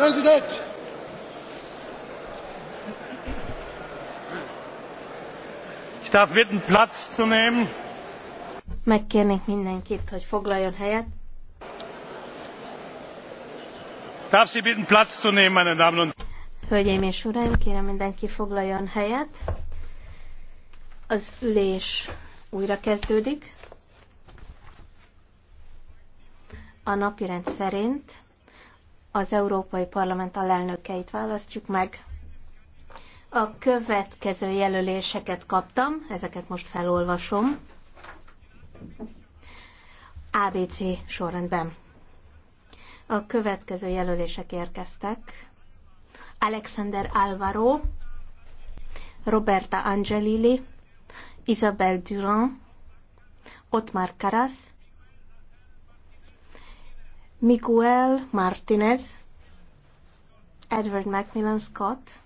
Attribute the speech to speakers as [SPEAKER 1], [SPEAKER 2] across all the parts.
[SPEAKER 1] President! Ich darf bitten, Platz zu nehmen.
[SPEAKER 2] Megkérnék mindenkit, hogy foglaljon helyet.
[SPEAKER 1] Darf Sie bitten, Platz zu nehmen, meine Damen und
[SPEAKER 2] Hölgyeim és Uraim, kérem mindenki foglaljon helyet. Az ülés újra kezdődik. A napirend szerint az Európai Parlament alelnökeit választjuk meg. A következő jelöléseket kaptam, ezeket most felolvasom. ABC sorrendben. A következő jelölések érkeztek. Alexander Alvaro, Roberta Angelilli, Isabel Durand, Otmar Karas, Miguel Martinez, Edward Macmillan Scott,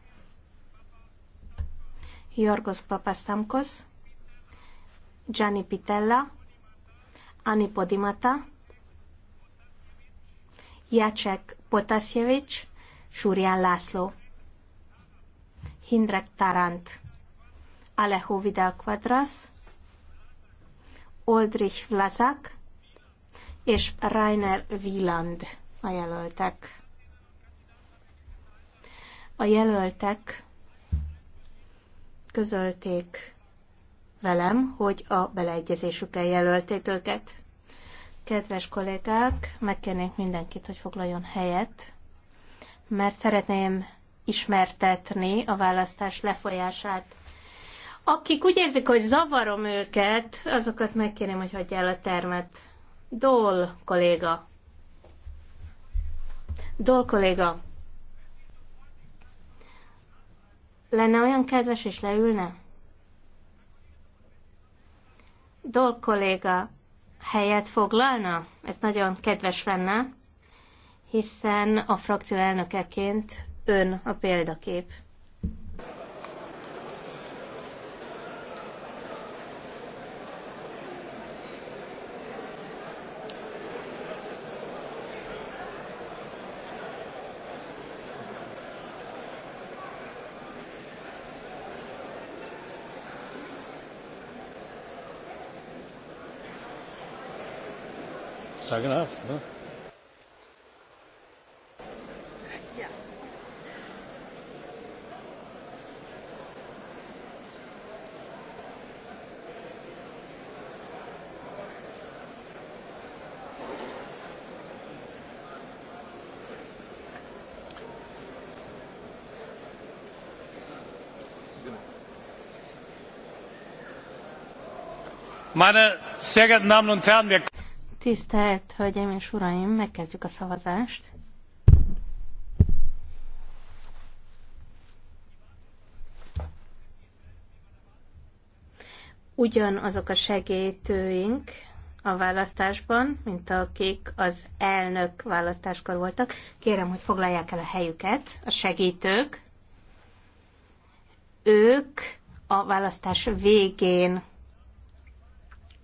[SPEAKER 2] Jorgos Papastamkos, Gianni Pitella, Ani Podimata, Jacek Potasjevic, Súrián László, Hindrek Tarant, Alejo Vidal Quadras, Oldrich Vlazak, és Rainer Wieland a jelöltek. A jelöltek közölték velem, hogy a beleegyezésükkel jelölték őket. Kedves kollégák, megkérnék mindenkit, hogy foglaljon helyet, mert szeretném ismertetni a választás lefolyását. Akik úgy érzik, hogy zavarom őket, azokat megkérném, hogy hagyják el a termet. Dol kolléga. Dol kolléga. Lenne olyan kedves, és leülne? Dol kolléga helyet foglalna? Ez nagyon kedves lenne, hiszen a frakció elnökeként ön a példakép.
[SPEAKER 1] sagenhaft. Ne? Ja. Meine sehr geehrten Damen und Herren, wir
[SPEAKER 2] Tisztelt Hölgyeim és Uraim, megkezdjük a szavazást. Ugyanazok a segítőink a választásban, mint akik az elnök választáskor voltak. Kérem, hogy foglalják el a helyüket, a segítők. Ők a választás végén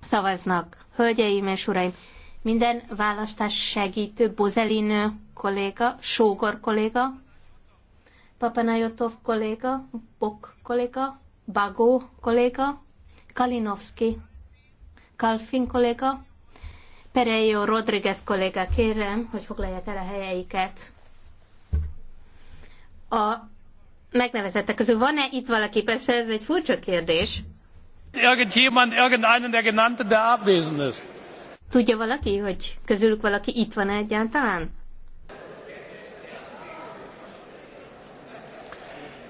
[SPEAKER 2] szavaznak. Hölgyeim és uraim, minden választás segítő Bozelinő kolléga, Sógor kolléga, Papanajotov kolléga, Bok kolléga, Bagó kolléga, Kalinowski, Kalfin kolléga, Perejo Rodriguez kolléga, kérem, hogy foglalják el a helyeiket. A megnevezettek közül van-e itt valaki? Persze ez egy furcsa kérdés.
[SPEAKER 1] Irgendjemand, irgendeinen der genannten, der abwesend ist.
[SPEAKER 2] Tudja valaki, hogy közülük valaki itt van egyáltalán?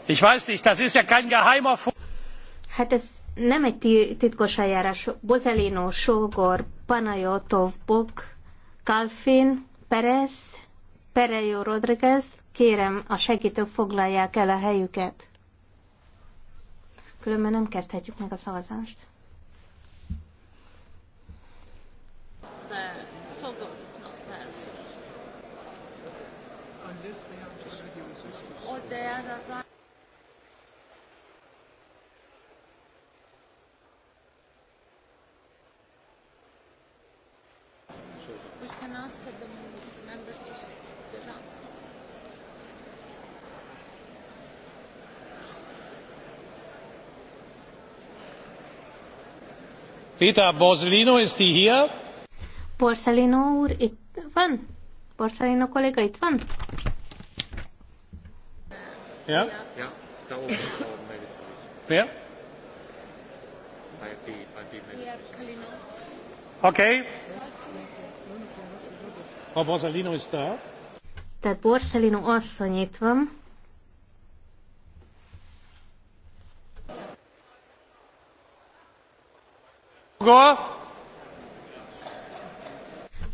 [SPEAKER 1] Ich weiß nicht, das ist ja kein geheimer
[SPEAKER 2] Hát ez nem egy titkos eljárás. Bozelino, Sógor, Panajotov, Bok, Kalfin, Perez, Perejo Rodriguez, kérem a segítők foglalják el a helyüket. Különben nem kezdhetjük meg a szavazást.
[SPEAKER 1] Peter Borzolino, is he here?
[SPEAKER 2] Borzolino úr itt van? Borzolino kolléga itt van?
[SPEAKER 1] Ja? Ja, da oben. Wer? Okay. Frau oh, Borsellino ist da.
[SPEAKER 2] Tehát Borsellino asszony itt van. Sógor!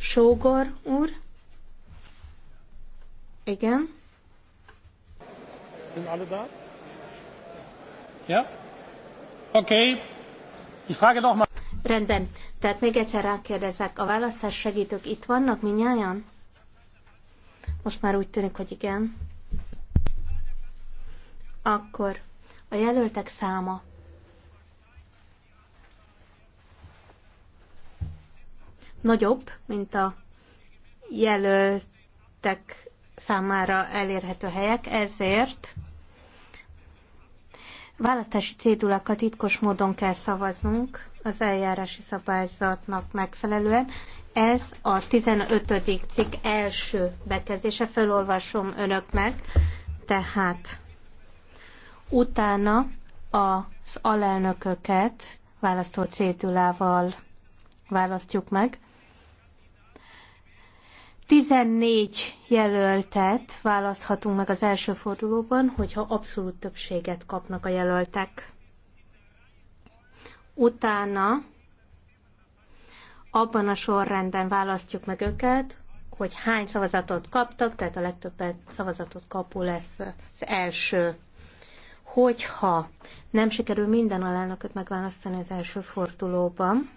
[SPEAKER 2] Sógor úr? Igen?
[SPEAKER 1] Sind alle da? Ja? Oké. Okay. Ich frage noch mal.
[SPEAKER 2] Rendben. Tehát még egyszer rákérdezek, a választás segítők itt vannak minnyáján? Most már úgy tűnik, hogy igen. Akkor a jelöltek száma nagyobb, mint a jelöltek számára elérhető helyek, ezért választási cédulakat titkos módon kell szavaznunk az eljárási szabályzatnak megfelelően. Ez a 15. cikk első bekezdése, felolvasom önöknek, tehát utána az alelnököket választó cédulával választjuk meg, 14 jelöltet választhatunk meg az első fordulóban, hogyha abszolút többséget kapnak a jelöltek. Utána abban a sorrendben választjuk meg őket, hogy hány szavazatot kaptak, tehát a legtöbbet szavazatot kapó lesz az első. Hogyha nem sikerül minden alelnököt megválasztani az első fordulóban,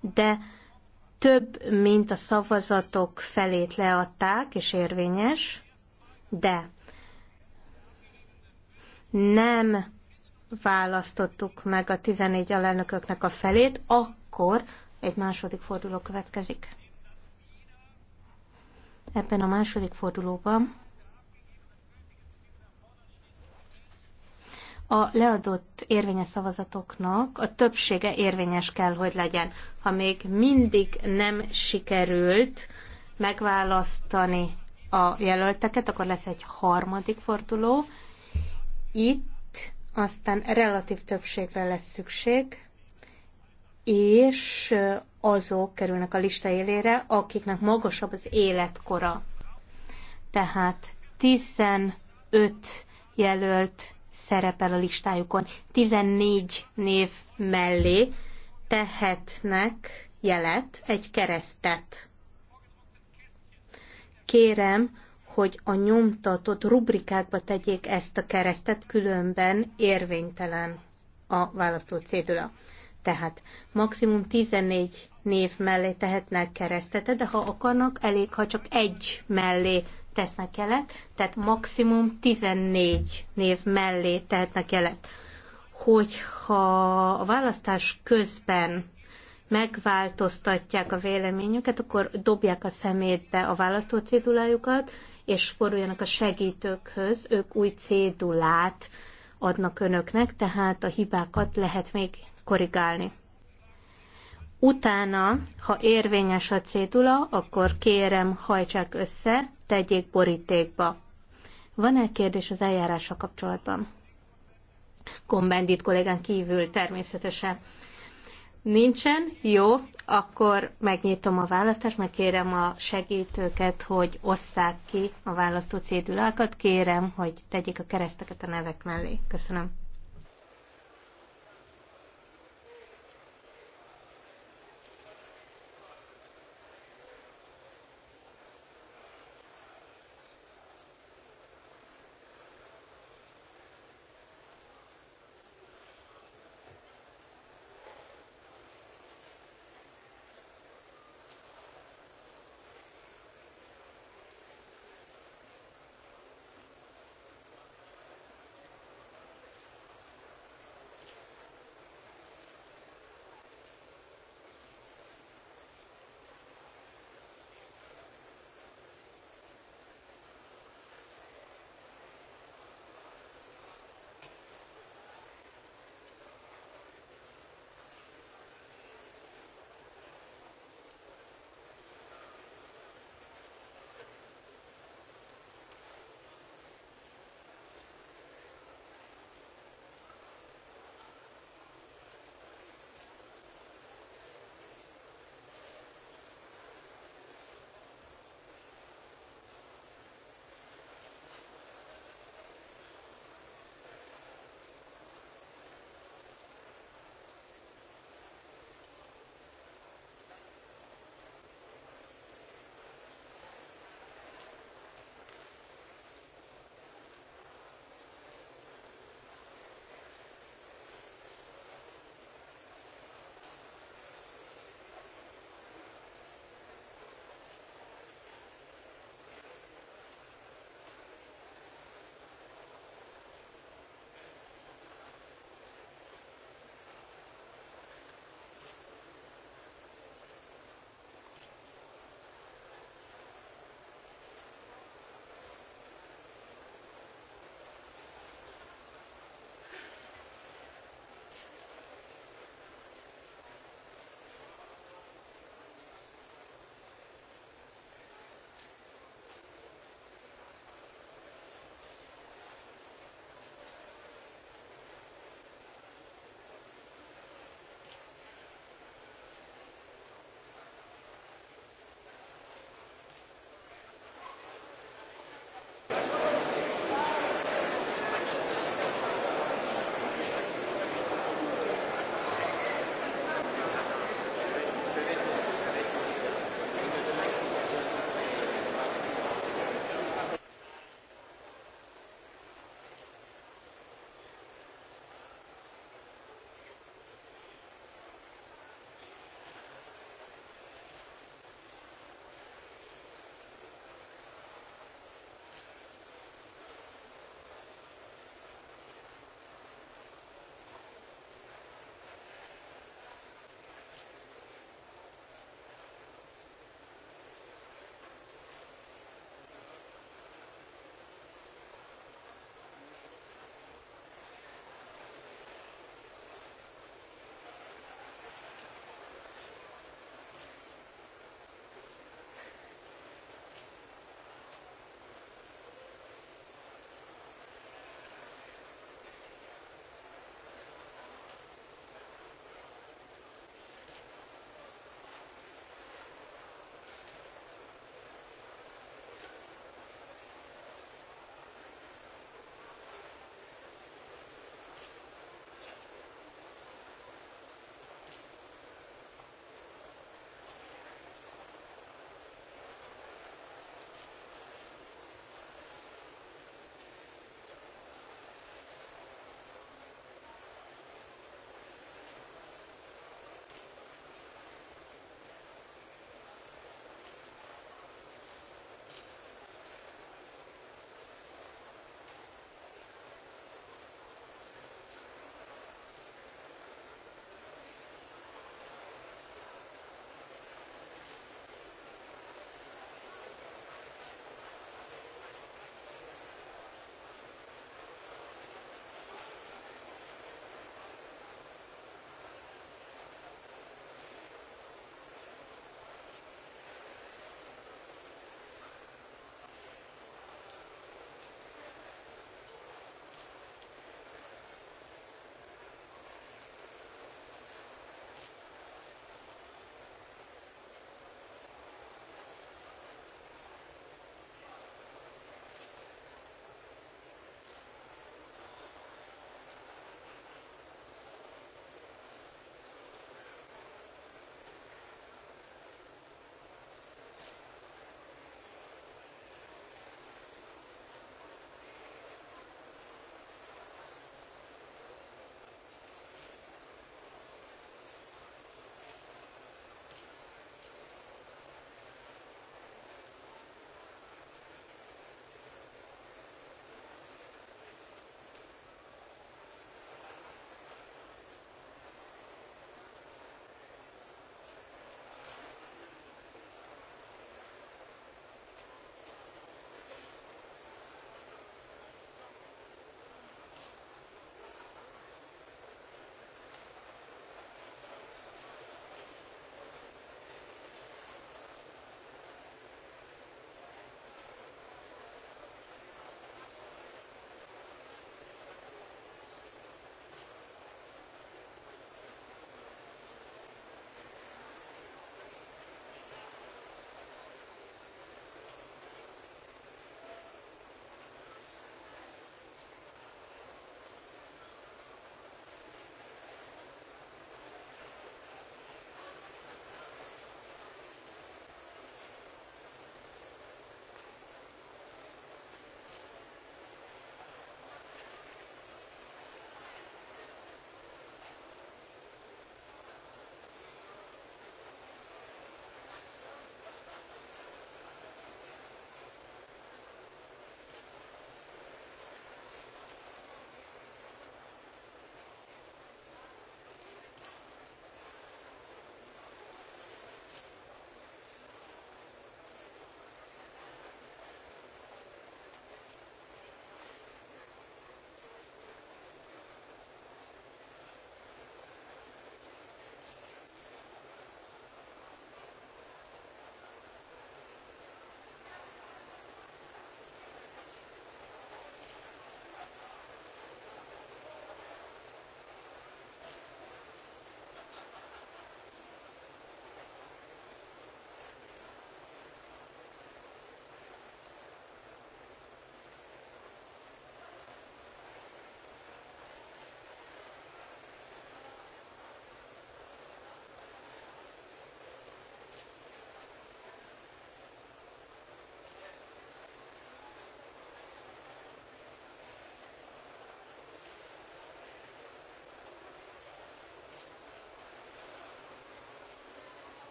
[SPEAKER 2] de több, mint a szavazatok felét leadták, és érvényes, de nem választottuk meg a 14 alelnököknek a felét, akkor egy második forduló következik. Ebben a második fordulóban a leadott érvényes szavazatoknak a többsége érvényes kell, hogy legyen. Ha még mindig nem sikerült megválasztani a jelölteket, akkor lesz egy harmadik forduló. Itt aztán relatív többségre lesz szükség, és azok kerülnek a lista élére, akiknek magasabb az életkora. Tehát 15 jelölt szerepel a listájukon 14 név mellé, tehetnek jelet, egy keresztet. Kérem, hogy a nyomtatott rubrikákba tegyék ezt a keresztet, különben érvénytelen a választó cédula. Tehát maximum 14 név mellé tehetnek keresztet, de ha akarnak, elég, ha csak egy mellé tesznek jelet, tehát maximum 14 név mellé tehetnek jelet. Hogyha a választás közben megváltoztatják a véleményüket, akkor dobják a szemétbe a választó cédulájukat, és forduljanak a segítőkhöz, ők új cédulát adnak önöknek, tehát a hibákat lehet még korrigálni. Utána, ha érvényes a cédula, akkor kérem hajtsák össze, tegyék borítékba. Van-e kérdés az eljárása kapcsolatban? Kombendit kollégán kívül természetesen. Nincsen? Jó, akkor megnyitom a választást, megkérem a segítőket, hogy osszák ki a választó cédulákat. Kérem, hogy tegyék a kereszteket a nevek mellé. Köszönöm.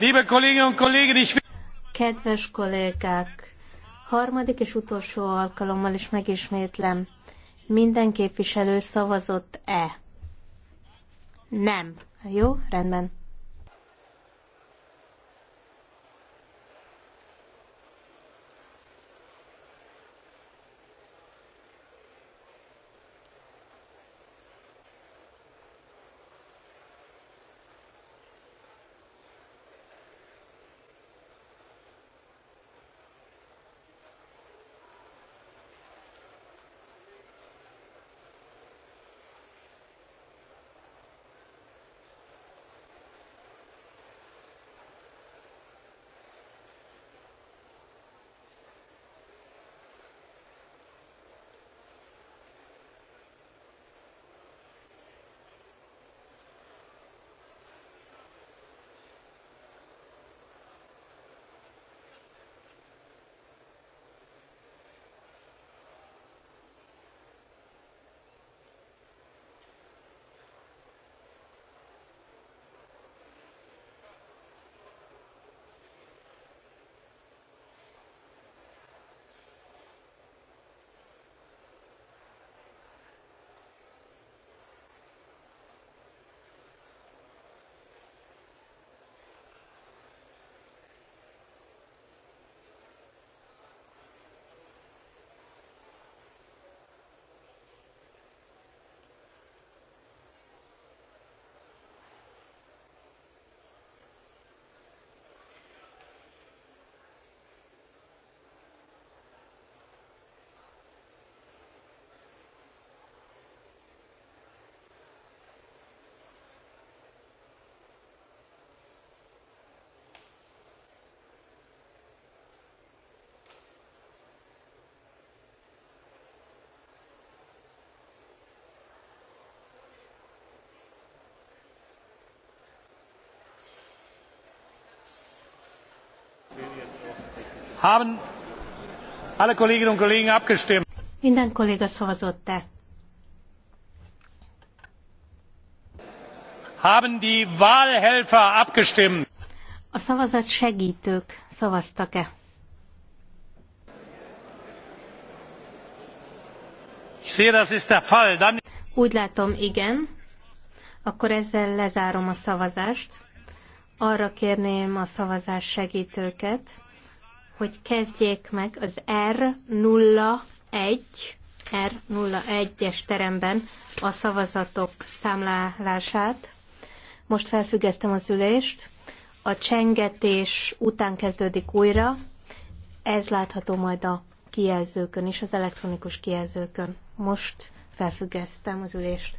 [SPEAKER 1] Liebe Kolleginnen und Kollegen, ich will...
[SPEAKER 2] Kedves kollégák, harmadik és utolsó alkalommal is megismétlem. Minden képviselő szavazott-e? Nem. Jó, rendben.
[SPEAKER 1] Haben alle Kolleginnen und Kollegen abgestimmt?
[SPEAKER 2] Minden kolléga szavazott-e?
[SPEAKER 1] Haben die Wahlhelfer abgestimmt?
[SPEAKER 2] A szavazat segítők szavaztak-e?
[SPEAKER 1] Ich sehe, das ist der Fall. Dann...
[SPEAKER 2] Úgy látom, igen. Akkor ezzel lezárom a szavazást. Arra kérném a szavazás segítőket, hogy kezdjék meg az R01 R01-es teremben a szavazatok számlálását. Most felfüggesztem az ülést. A csengetés után kezdődik újra. Ez látható majd a kijelzőkön is, az elektronikus kijelzőkön. Most felfüggesztem az ülést.